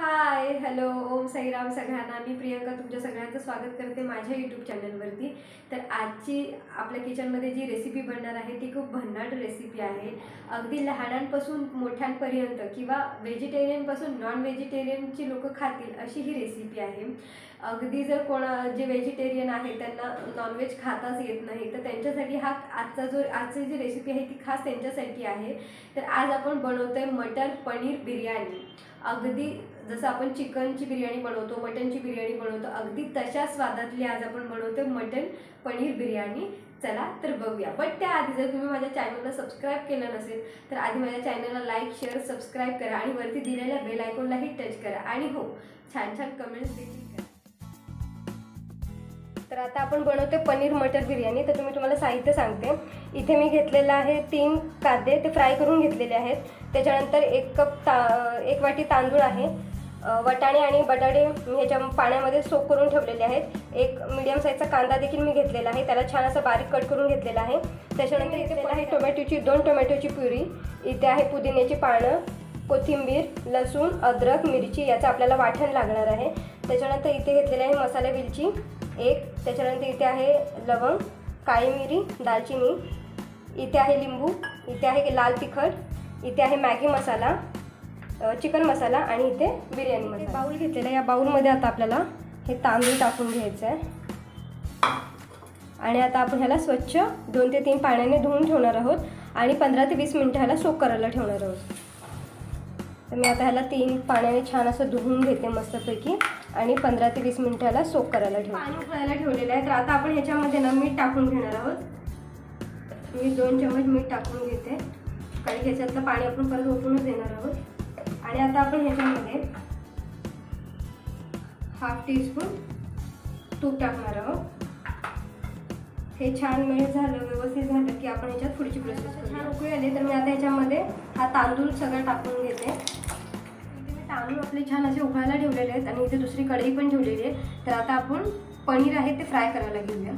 हाय hello Om Sairam सगळ्यांना मी प्रियंका तुमच्या सगळ्यांचं स्वागत करते माझ्या यूट्यूब चॅनलवरती तर आजची आपल्या किचनमध्ये जी रेसिपी बनणार आहे ती खूप भन्नाट रेसिपी आहे अगदी लहानांपासून मोठ्यांपर्यंत किंवा व्हेजिटेरियनपासून नॉन व्हेजिटेरियनची लोक खातील अशी ही रेसिपी आहे अगदी जर कोणा जे व्हेजिटेरियन आहे त्यांना नॉनव्हेज खाताच येत नाही तर त्यांच्यासाठी हा आजचा जो आजची जी रेसिपी आहे ती खास त्यांच्यासाठी आहे तर आज आपण बनवतो आहे मटर पनीर बिर्याणी अगदी जसं आपण चिकनची बिर्याणी बनवतो मटनची बिर्याणी बनवतो अगदी तशा स्वादातली आज आपण बनवतो मटन पनीर बिर्याणी चला तर बघूया बट त्याआधी जर तुम्ही माझ्या चॅनलला सबस्क्राईब केलं नसेल तर आधी माझ्या चॅनलला लाईक शेअर सबस्क्राईब करा आणि वरती दिलेल्या बेल आयकॉनलाही टच करा आणि हो छान छान कमेंट्स देखील करा तर आता आपण बनवतो पनीर मटर बिर्याणी तर तुम्ही तुम्हाला साहित्य सांगते इथे मी घेतलेलं आहे तीन कांदे ते फ्राय करून घेतलेले आहेत त्याच्यानंतर एक कप ता एक वाटी तांदूळ आहे वटाणे आणि बटाटे मी ह्याच्या पाण्यामध्ये सोक करून ठेवलेले आहेत एक मीडियम साईजचा कांदा देखील मी घेतलेला आहे त्याला छान असं बारीक कट करून घेतलेला आहे त्याच्यानंतर इथे आहे टोमॅटोची दोन टोमॅटोची प्युरी इथे आहे पुदिन्याची पानं कोथिंबीर लसूण अद्रक मिरची याचं आपल्याला वाटण लागणार आहे त्याच्यानंतर इथे घेतलेली आहे मसाला वेलची एक त्याच्यानंतर इथे आहे लवंग काळी मिरी दालचिनी इथे आहे लिंबू इथे आहे लाल तिखट इथे आहे मॅगी मसाला चिकन मसाला आणि इथे बिर्याणी मसाला बाऊल घेतलेला या बाऊलमध्ये आता आपल्याला हे तांदूळ टाकून घ्यायचं आहे आणि आता आपण ह्याला स्वच्छ दोन ते तीन पाण्याने धुवून ठेवणार आहोत आणि पंधरा ते वीस मिनटं ह्याला सोक करायला ठेवणार आहोत तर मी आता ह्याला तीन पाण्याने छान असं धुवून घेते मस्तपैकी आणि पंधरा ते वीस मिनिटाला ह्याला सोक करायला ठेव पाणी उकळायला ठेवलेलं आहे तर आता आपण ह्याच्यामध्ये ना मीठ टाकून घेणार आहोत मी दोन चमच मीठ टाकून घेते कारण ह्याच्यातलं पाणी आपण परत ओकूनच देणार आहोत आणि आता आपण ह्याच्यामध्ये हाफ टीस्पून तूप टाकणार आहोत हे छान मिळ झालं व्यवस्थित झालं की आपण ह्याच्यात पुढची प्रोसेस छान उकळी आली तर मी आता ह्याच्यामध्ये हा तांदूळ सगळं टाकून घेते तांदूळ आपले छान असे उकळायला ठेवलेले आहेत आणि इथे दुसरी कढई पण ठेवलेली आहे तर आता आपण पनीर आहे ते फ्राय करायला घेऊया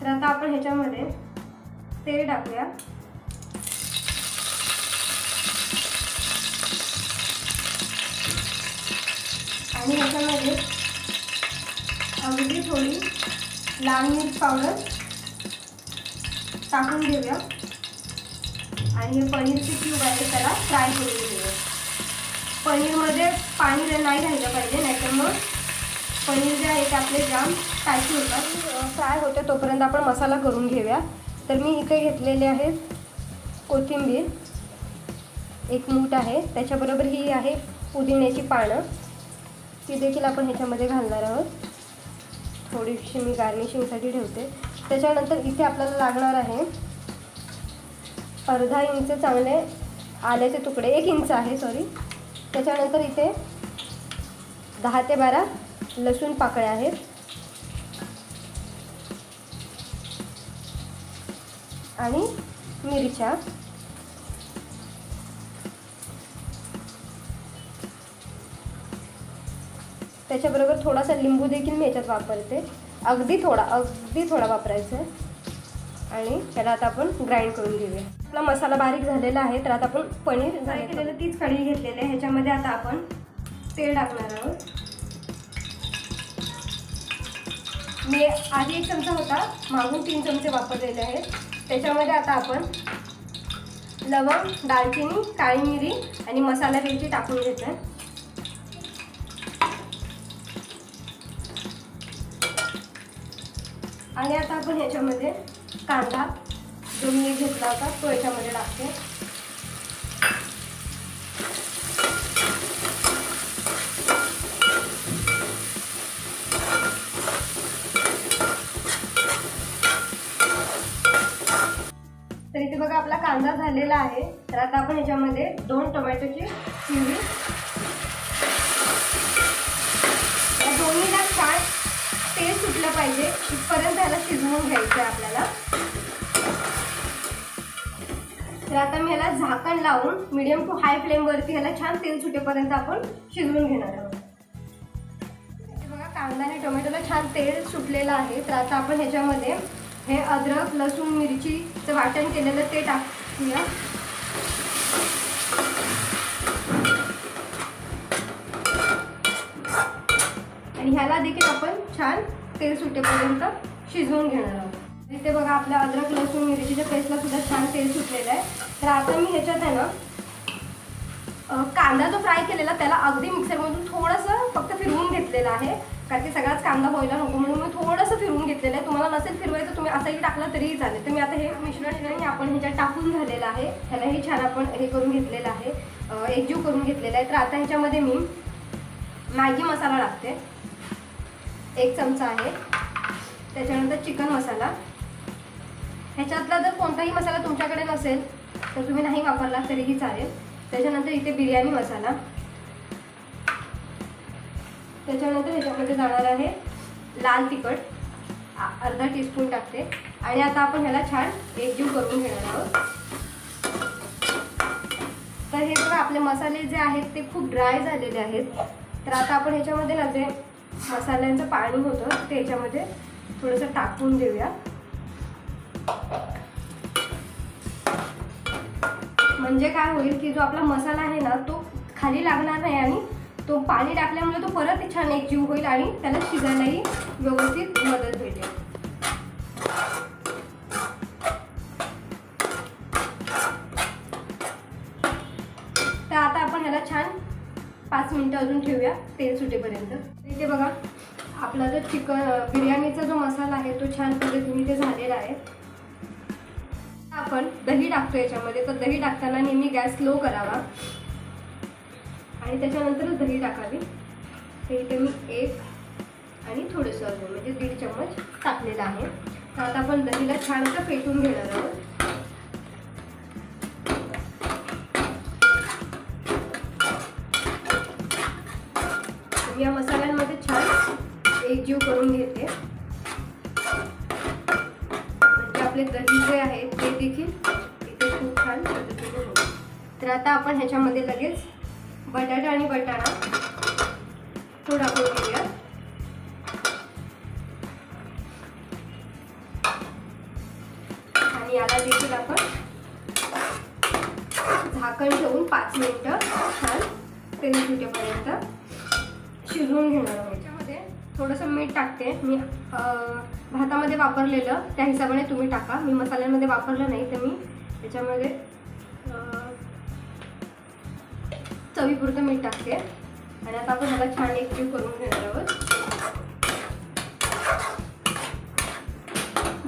तर आता आपण ह्याच्यामध्ये तेल टाकूया आणि याच्यामध्ये अगदी थोडी लाल मिर्च पावडर टाकून घेऊया आणि हे पनीरचे क्यूब आहे त्याला फ्राय करून घेऊया पनीरमध्ये पाणी नाही राहिलं पाहिजे नाहीतर मग पनीर जे आहे ते आपले जाम टाकी होतात फ्राय होते तोपर्यंत आपण मसाला करून घेऊया तर मी इथे घेतलेले आहेत कोथिंबीर एक मूठ आहे त्याच्याबरोबर ही आहे पुदिन्याची पानं ती देखील आपण ह्याच्यामध्ये घालणार आहोत थोडीशी मी गार्निशिंगसाठी ठेवते त्याच्यानंतर इथे आपल्याला लागणार आहे अर्धा इंच चांगले आल्याचे तुकडे एक इंच आहे सॉरी त्याच्यानंतर इथे दहा ते बारा लसूण पाकळे आहेत आणि मिरच्या त्याच्याबरोबर थोडासा लिंबू देखील मी ह्याच्यात वापरते अगदी थोडा अगदी थोडा वापरायचा आहे आणि त्याला आता आपण ग्राइंड करून घेऊया आपला मसाला बारीक झालेला आहे तर आता आपण पनीर जायची केलेलं तीच कढी घेतलेली आहे ह्याच्यामध्ये आता आपण तेल टाकणार आहोत मी आधी एक चमचा होता मागून तीन चमचे वापरलेले आहेत त्याच्यामध्ये आता आपण लवंग दालचिनी काळी मिरी आणि मसाला वेलची टाकून घेतो आहे आणि आता आपण ह्याच्यामध्ये कांदा जो मी घेतला होता तो याच्यामध्ये टाकते तर इथे बघा आपला कांदा झालेला आहे तर आता आपण ह्याच्यामध्ये दोन टोमॅटोची चिवडी दोन्हीला छान तेल सुटलं पाहिजे पर्यंत ह्याला शिजवून घ्यायचं आहे आपल्याला तर आता मी ह्याला झाकण लावून मिडियम टू हाय फ्लेमवरती ह्याला छान तेल सुटेपर्यंत आपण शिजवून घेणार आहोत बघा कांदा आणि टोमॅटोला छान तेल सुटलेलं आहे तर आता आपण ह्याच्यामध्ये हे अद्रक लसूण मिरचीचं वाटण केलेलं ते टाकूया आणि ह्याला देखील आपण छान तेल सुटेपर्यंत शिजवून घेणार आहोत इथे बघा आपल्या अद्रक लसूण मिरचीच्या पेस्टला सुद्धा छान तेल सुटलेलं आहे तर आता मी ह्याच्यात आहे ना कांदा जो फ्राय केलेला त्याला अगदी मिक्सरमधून थोडंसं फक्त फिरवून घेतलेलं आहे कारण की सगळाच कांदा व्हायला नको म्हणून मी थोडंसं फिरवून घेतलेलं आहे तुम्हाला नसेल फिरवायचं तुम्ही असंही टाकलं तरीही चालेल तर मी आता हे मिश्रण ठिकाणी आपण ह्याच्यात टाकून झालेलं आहे ह्यालाही छान आपण हे करून घेतलेलं आहे एकजीव करून घेतलेला आहे तर आता ह्याच्यामध्ये मी मॅगी मसाला टाकते एक चमचा आहे त्याच्यानंतर चिकन मसाला ह्याच्यातला जर कोणताही मसाला तुमच्याकडे नसेल तर तुम्ही नाही वापरला तरीही चालेल त्याच्यानंतर इथे बिर्याणी मसाला त्याच्यानंतर ह्याच्यामध्ये जाणार आहे लाल तिखट अर्धा टीस्पून टाकते आणि आता आपण ह्याला छान एकजीव करून घेणार आहोत तर हे सगळं आपले मसाले जे आहेत ते खूप ड्राय झालेले आहेत तर आता आपण ह्याच्यामध्ये ना मसाल्यांचं पाणी होतं त्याच्यामध्ये थोडंसं टाकून देऊया म्हणजे काय होईल की जो आपला मसाला आहे ना तो खाली लागणार नाही आणि तो पाणी टाकल्यामुळे तो परत छान एक जीव होईल आणि त्याला शिजायलाही व्यवस्थित मदत भेटेल तर आता आपण ह्याला छान पाच मिनिटं अजून ठेवूया तेल सुटेपर्यंत इथे बघा आपला जो चिकन बिर्याणीचा जो मसाला आहे तो छान पद्धतीने ते झालेला आहे आपण दही टाकतो याच्यामध्ये तर दही टाकताना नेहमी गॅस स्लो करावा आणि त्याच्यानंतरच दही टाकावी तर इथे मी एक आणि थोडंसं म्हणजे दीड चम्मच टाकलेलं आहे तर आता आपण दहीला छानसं फेटून घेणार आहोत या मसाल्यांमध्ये छान एकजीव करून घेते म्हणजे आपले दही जे आहे ते देखील इथे खूप छान पद्धतीने होते तर आता आपण ह्याच्यामध्ये लगेच बटाटा आणि बटाणा तो टाकून घेऊया आणि याला देखील आपण झाकण ठेवून पाच मिनिटं छान तेल सुटेपर्यंत शिजवून घेणार आहोत त्याच्यामध्ये थोडंसं मीठ टाकते मी भातामध्ये वापरलेलं त्या हिशोबाने तुम्ही टाका मी मसाल्यांमध्ये वापरलं नाही तर मी त्याच्यामध्ये चवीपुरतं मीठ टाकते आणि आता आपण मला छान एकजीव करून घेणार आहोत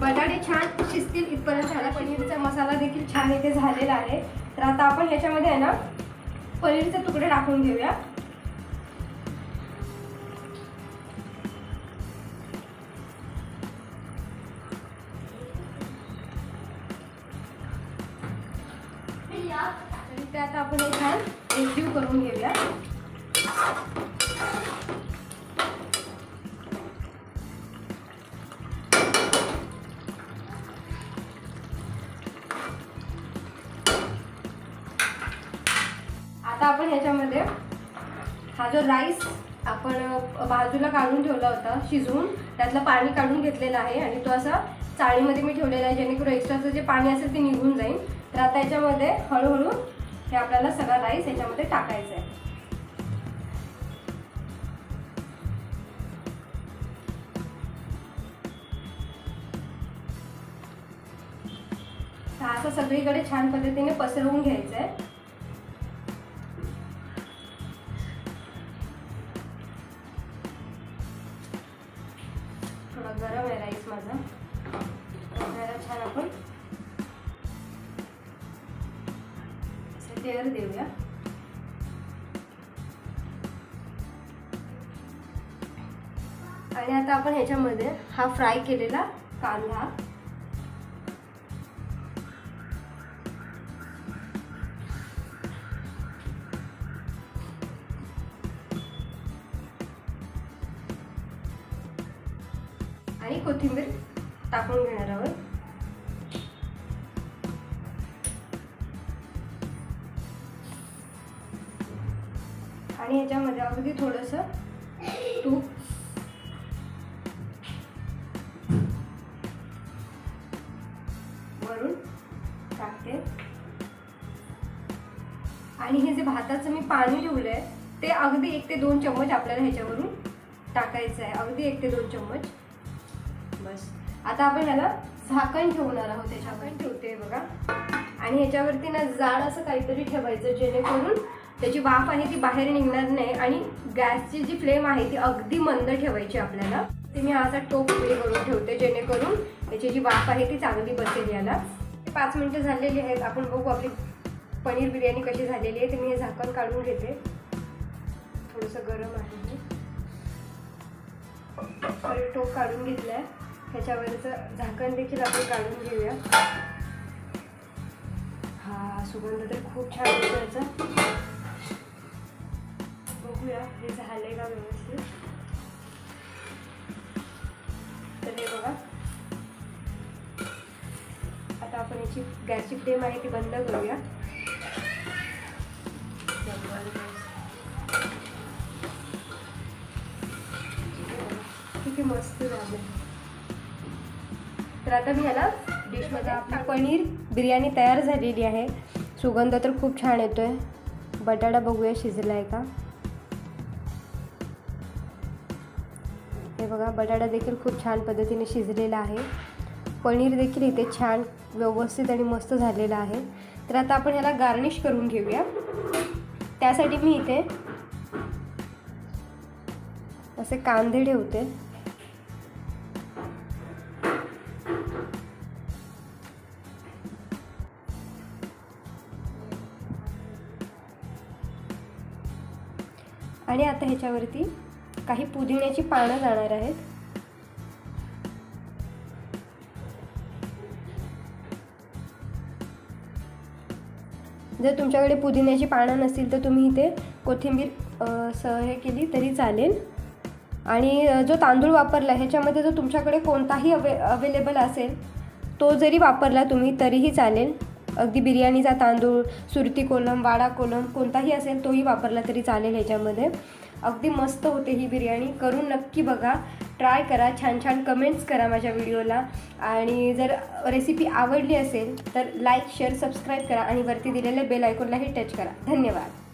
बटाटे छान शिजतील इथपर्यंत झाला पनीरचा मसाला देखील छान इथे झालेला आहे तर आता आपण ह्याच्यामध्ये आहे ना पनीरचे तुकडे टाकून घेऊया आणि त्यात आपण हे छान एकजीव करून घेऊया आता आपण ह्याच्यामध्ये हा जो राईस आपण बाजूला काढून ठेवला होता शिजवून त्यातलं पाणी काढून घेतलेला आहे आणि तो असा चाळीमध्ये मी ठेवलेला आहे जेणेकरून एक्स्ट्राचं जे पाणी असेल ते निघून जाईल तर आता याच्यामध्ये हळूहळू हे आपल्याला सगळा राईस याच्यामध्ये टाकायचा आहे असं सगळीकडे छान पद्धतीने पसरवून घ्यायचं आहे थोडा गरम आहे राईस माझा देऊया आणि आता आपण ह्याच्यामध्ये हा फ्राय केलेला कांदा आणि कोथिंबीर टाकून घेणार आहोत अगदी थोडस तूप वरून टाकते आणि हे जे भाताचं मी पाणी ठेवलं ते अगदी एक ते दोन चम्मच आपल्याला ह्याच्यावरून टाकायचं आहे अगदी एक ते दोन चम्मच बस आता आपण ह्याला झाकण ठेवणार आहोत झाकण ठेवते बघा आणि ह्याच्यावरती ना जाड असं काहीतरी ठेवायचं जेणेकरून त्याची वाफ आहे ती बाहेर निघणार नाही आणि गॅसची जी फ्लेम आहे ती अगदी मंद ठेवायची आपल्याला ते मी असा टोप फ्री करून ठेवते जेणेकरून त्याची जी वाफ आहे ती चांगली बसेल याला पाच मिनटं झालेली आहेत आपण बघू आपली पनीर बिर्याणी कशी झालेली आहे ते मी हे झाकण काढून घेते थोडंसं गरम आहे टोप काढून घेतलं आहे ह्याच्यावरचं झाकण देखील आपण काढून घेऊया हा सुगंध तर खूप छान आहे बघूया हे झाले का व्यवस्थित तर हे बघा आता आपण याची गॅसची फ्लेम आहे ती बंद करूया किती मस्त झालं तर आता मी ह्याला डिशमध्ये आपली पनीर बिर्याणी तयार झालेली आहे सुगंध तर खूप छान येतोय बटाटा बघूया शिजला आहे का बघा बटाटा देखील खूप छान पद्धतीने शिजलेला आहे पनीर देखील इथे छान व्यवस्थित आणि मस्त झालेला आहे तर आता आपण ह्याला गार्निश करून घेऊया त्यासाठी मी इथे असे कांदे ठेवते आणि आता ह्याच्यावरती काही पुदिन्याची पानं जाणार आहेत जर तुमच्याकडे पुदिन्याची पानं नसतील तर तुम्ही इथे कोथिंबीर सह हे केली तरी चालेल आणि जो तांदूळ वापरला ह्याच्यामध्ये जो तुमच्याकडे कोणताही अवे अवेलेबल असेल तो जरी वापरला तुम्ही तरीही चालेल अगदी बिर्याणीचा तांदूळ सुरती कोलम वाडा कोलम कोणताही असेल तोही वापरला तरी चालेल ह्याच्यामध्ये अगदी मस्त होते ही बिर्याणी करून नक्की बघा ट्राय करा छान छान कमेंट्स करा माझ्या व्हिडिओला आणि जर रेसिपी आवडली असेल तर लाईक शेअर सबस्क्राईब करा आणि वरती दिलेल्या बेल आयकॉनलाही टच करा धन्यवाद